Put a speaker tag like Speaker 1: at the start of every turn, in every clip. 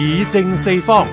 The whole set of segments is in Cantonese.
Speaker 1: 議政四方。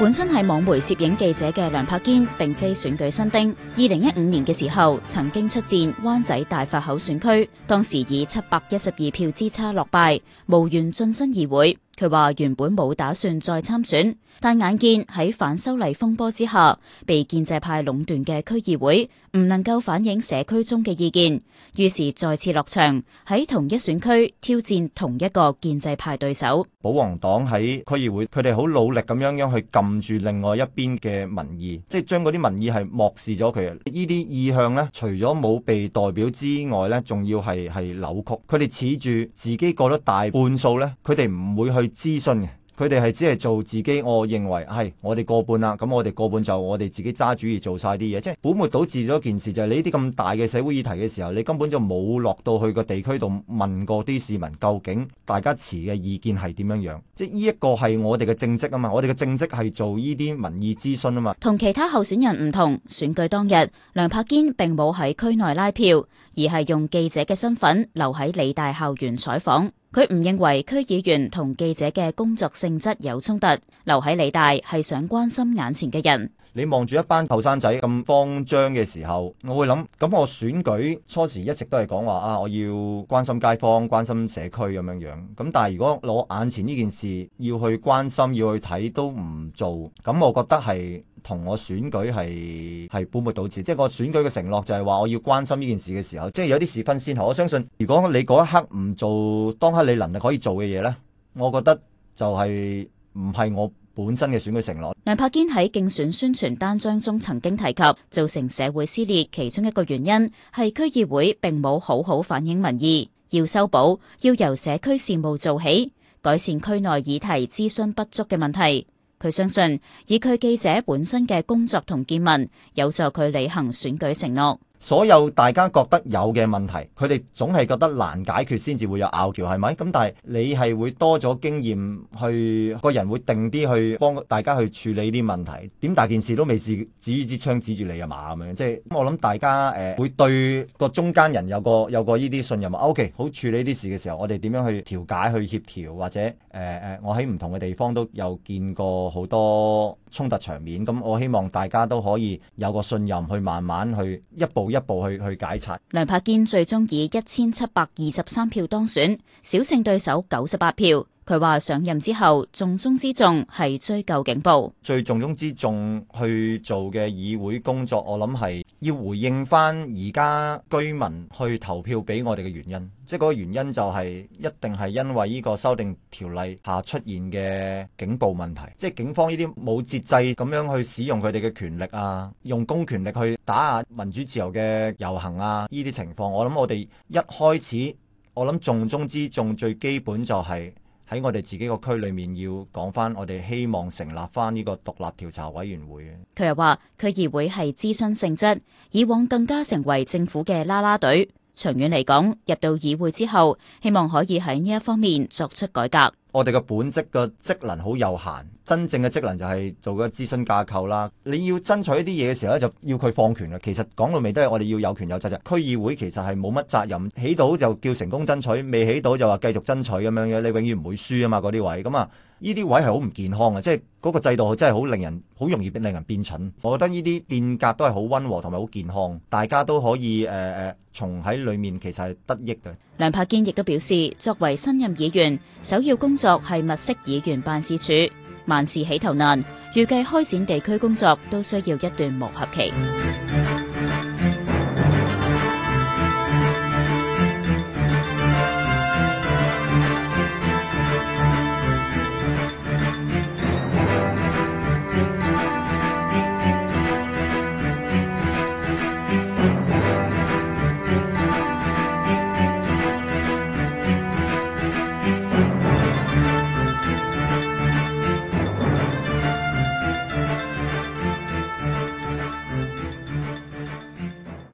Speaker 2: 本身係網媒攝影記者嘅梁柏堅，並非選舉新丁。二零一五年嘅時候，曾經出戰灣仔大佛口選區，當時以七百一十二票之差落敗，無緣晉身議會。佢話原本冇打算再參選，但眼見喺反修例風波之下，被建制派壟斷嘅區議會唔能夠反映社區中嘅意見，於是再次落場，喺同一選區挑戰同一個建制派對手。保皇黨
Speaker 1: 喺區議會，佢哋好努力咁樣樣去撳住另外一邊嘅民意，即係將嗰啲民意係漠視咗佢。啊呢啲意向咧，除咗冇被代表之外咧，仲要係係扭曲。佢哋恃住自己過咗大半數咧，佢哋唔會去諮詢嘅，佢哋係只係做自己。我認為係我哋過半啦，咁我哋過半就我哋自己揸主意做晒啲嘢。即係本末倒置咗件事，就係呢啲咁大嘅社會議題嘅時候，你根本就冇落到去個地區度問過啲市民究竟大家持嘅意見係點樣樣。即係呢一個係我哋嘅政績啊嘛，我哋嘅政績係做呢啲民意諮詢啊嘛。
Speaker 2: 同其他候選人唔同，選舉當日，梁柏堅並冇喺區內拉票，而係用記者嘅身份留喺理大校園採訪。佢唔認為區議員同記者嘅工作性質有衝突，留喺理大係想關心眼前嘅人。
Speaker 1: 你望住一班後生仔咁慌張嘅時候，我會諗：咁我選舉初時一直都係講話啊，我要關心街坊、關心社區咁樣樣。咁但係如果攞眼前呢件事要去關心、要去睇，都唔做，咁我覺得係。同我選舉係係本末倒置。即係我選舉嘅承諾就係話我要關心呢件事嘅時候，即係有啲事分先後。我相信如果你嗰一刻唔做當刻你能力可以做嘅嘢呢，我覺得就係唔係我本身嘅選舉承諾。
Speaker 2: 梁柏堅喺競選宣傳單張中曾經提及，造成社會撕裂其中一個原因係區議會並冇好好反映民意，要修補要由社區事務做起，改善區內議題諮詢不足嘅問題。佢相信，以佢記者本身嘅工作同見聞
Speaker 1: 有助佢履行選舉承諾。所有大家覺得有嘅問題，佢哋總係覺得難解決先至會有拗撬，係咪？咁但係你係會多咗經驗去個人會定啲去幫大家去處理啲問題，點大件事都未至於支槍指住你啊嘛咁樣，即係我諗大家誒、呃、會對個中間人有個有個呢啲信任啊。OK，好處理啲事嘅時候，我哋點樣去調解、去協調或者誒誒、呃呃、我喺唔同嘅地方都有見過好多衝突場面。咁我希望大家都可以有個信任，去慢慢去一步。一步去去解拆。梁
Speaker 2: 柏堅最終以一千七百二十三票當選，小勝對手九十八票。佢話上任之後，重中之重係追究警暴。
Speaker 1: 最重中之重去做嘅議會工作，我諗係要回應翻而家居民去投票俾我哋嘅原因，即係嗰個原因就係一定係因為呢個修訂條例下出現嘅警暴問題，即係警方呢啲冇節制咁樣去使用佢哋嘅權力啊，用公權力去打壓民主自由嘅遊行啊，呢啲情況，我諗我哋一開始，我諗重中之重最基本就係、是。喺我哋自己個區裏面，要講翻我哋希望成立翻呢個獨立調查委員會。
Speaker 2: 佢又話，區議會係諮詢性質，以往更加成為政府嘅啦啦隊。長遠嚟講，入到議會之後，希望可以喺呢一方面作出改革。
Speaker 1: 我哋嘅本職嘅職能好有限，真正嘅職能就係做個諮詢架構啦。你要爭取一啲嘢嘅時候咧，就要佢放權啦。其實講到尾都係我哋要有權有責任。區議會其實係冇乜責任，起到就叫成功爭取，未起到就話繼續爭取咁樣嘅，你永遠唔會輸啊嘛，嗰啲位咁啊。呢啲位係好唔健康嘅，即係嗰個制度真係好令人好容易令人變蠢。我覺得呢啲變革都係好溫和同埋好健康，大家都可以誒誒、呃、從喺裏面其實係得益嘅。
Speaker 2: 梁柏堅亦都表示，作為新任議員，首要工作係物色議員辦事處。萬事起頭難，預計開展地區工作都需要一段磨合期。